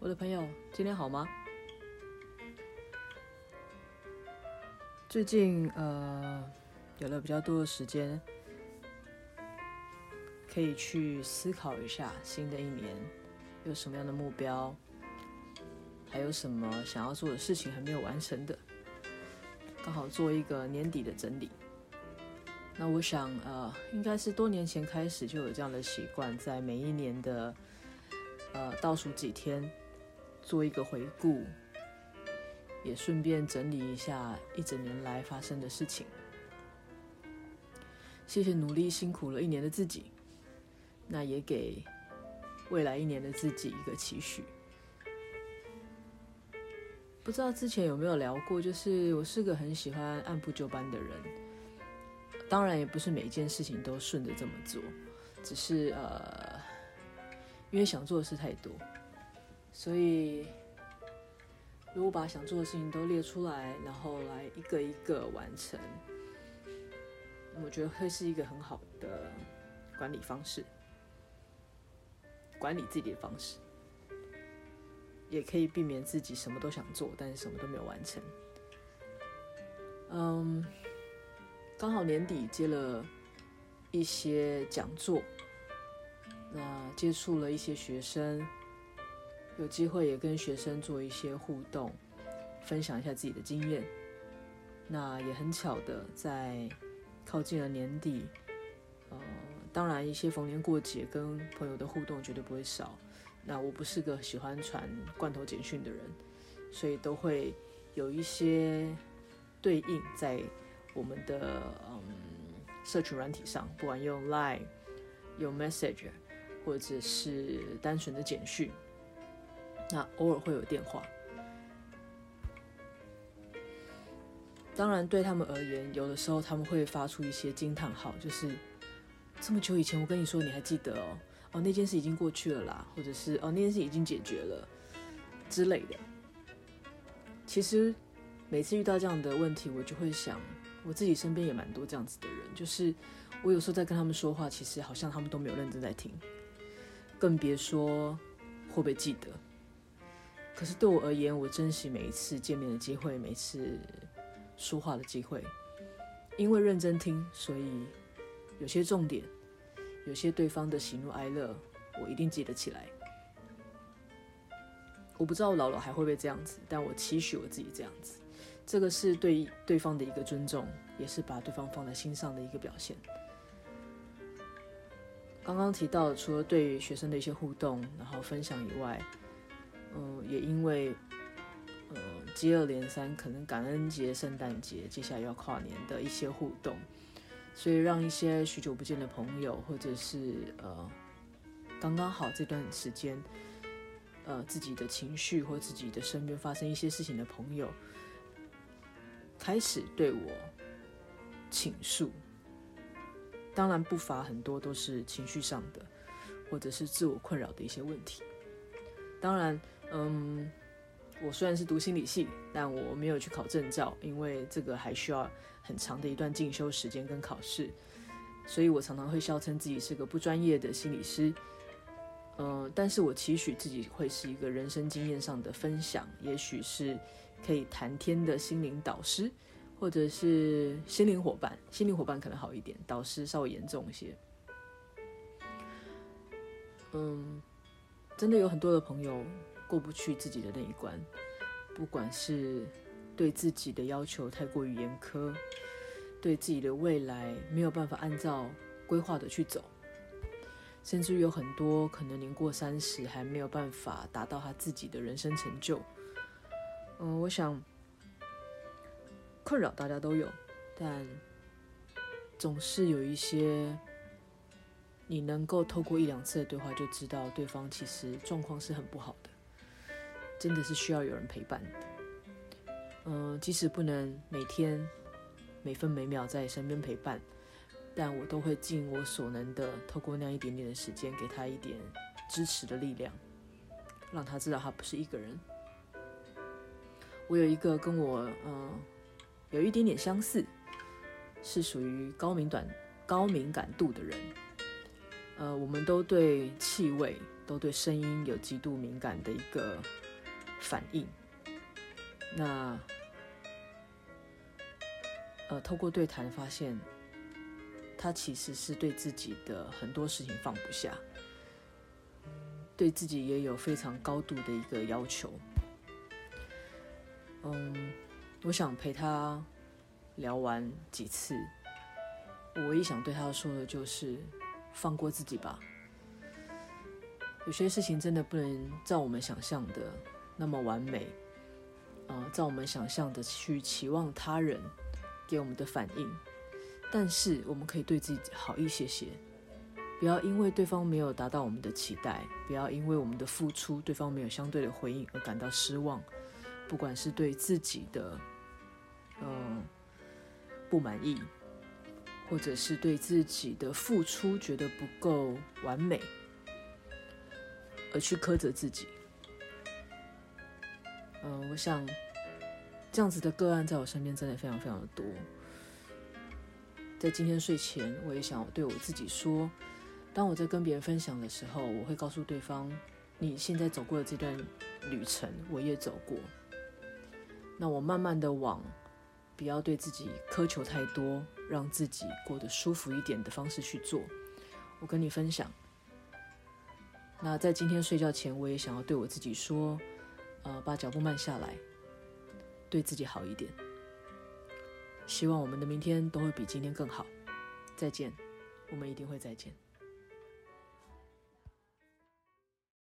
我的朋友，今天好嗎？最近呃，有了比較多的時間，可以去思考一下新的一年有什麼樣的目標，還有什麼想要做的事情還沒有完成的，剛好做一個年底的整理。那我想呃，應該是多年前開始就有這樣的習慣，在每一年的呃倒數幾天。做一個回顧，也順便整理一下一整年來發生的事情。謝謝努力辛苦了一年的自己，那也給未來一年的自己一個期許。不知道之前有沒有聊過，就是我是個很喜歡按部就班的人，當然也不是每件事情都順着這麼做，只是呃，因為想做的事太多。所以，如果把想做的事情都列出來，然後來一個一個完成，那我覺得會是一個很好的管理方式，管理自己的方式，也可以避免自己什麼都想做，但是什麼都沒有完成。嗯，剛好年底接了一些講座，那接觸了一些學生。有機會也跟學生做一些互動，分享一下自己的經驗。那也很巧的，在靠近了年底，呃，當然一些逢年過節跟朋友的互動絕對不會少。那我不是個喜歡傳罐頭簡訊的人，所以都會有一些對應在我們的嗯社群軟體上，不管用 Line、用 Message，或者是單純的簡訊。那偶爾會有電話，當然對他們而言，有的時候他們會發出一些驚嘆號，就是這麼久以前我跟你說，你還記得哦？哦，那件事已經過去了啦，或者是哦，那件事已經解決了之類的。其實每次遇到這樣的問題，我就會想，我自己身邊也蠻多這樣子的人，就是我有時候在跟他們說話，其實好像他們都沒有認真在聽，更別說會不會記得。可是對我而言，我珍惜每一次見面的機會，每一次說話的機會，因為認真聽，所以有些重點，有些對方的喜怒哀樂，我一定記得起來。我不知道我老了還會不會這樣子，但我期許我自己這樣子，這個是對對方的一個尊重，也是把對方放在心上的一個表現。剛剛提到，除了對於學生的一些互動，然後分享以外。嗯、呃，也因為，呃，接二連三，可能感恩節、聖誕節，接下來要跨年的一些互動，所以讓一些許久不見的朋友，或者是呃，剛剛好這段時間，呃，自己的情緒或自己的身邊發生一些事情的朋友，開始對我，傾訴。當然，不乏很多都是情緒上的，或者是自我困擾的一些問題，當然。嗯，我雖然是讀心理系，但我沒有去考證照，因為這個還需要很長的一段進修時間跟考試，所以我常常會笑稱自己是個不專業的心理師。嗯，但是我期許自己會是一個人生經驗上的分享，也許是可以談天的心靈導師，或者是心靈夥伴。心靈夥伴可能好一點，導師稍微嚴重一些。嗯，真的有很多的朋友。過不去自己的那一關，不管是對自己的要求太過於嚴苛，對自己的未來沒有辦法按照規劃的去走，甚至有很多可能年過三十還沒有辦法達到他自己的人生成就。嗯，我想困擾大家都有，但總是有一些你能夠透過一兩次的對話就知道對方其實狀況是很不好的。真的是需要有人陪伴的。嗯、呃，即使不能每天每分每秒在身邊陪伴，但我都會盡我所能的，透過那樣一點點的時間，給他一點支持的力量，讓他知道他不是一個人。我有一個跟我嗯、呃、有一點點相似，是屬於高敏短高敏感度的人。呃，我們都對氣味、都對聲音有極度敏感的一個。反應，那呃，透過對談發現，他其實是對自己的很多事情放不下，對自己也有非常高度的一個要求。嗯，我想陪他聊完幾次，我唯一想對他說的就是，放過自己吧，有些事情真的不能照我們想象的。那麼完美，呃、嗯，照我們想象的去期望他人給我們的反應，但是我們可以對自己好一些些，不要因為對方沒有達到我們的期待，不要因為我們的付出對方沒有相對的回應而感到失望。不管是對自己的嗯不滿意，或者是對自己的付出覺得不夠完美，而去苛責自己。嗯，我想這樣子的個案在我身邊真的非常非常的多。在今天睡前，我也想要對我自己說，當我在跟別人分享的時候，我會告訴對方，你現在走過的這段旅程，我也走過。那我慢慢的往不要對自己苛求太多，讓自己過得舒服一點的方式去做。我跟你分享。那在今天睡覺前，我也想要對我自己說。呃，把腳步慢下來，對自己好一點。希望我們的明天都會比今天更好。再見，我們一定會再見。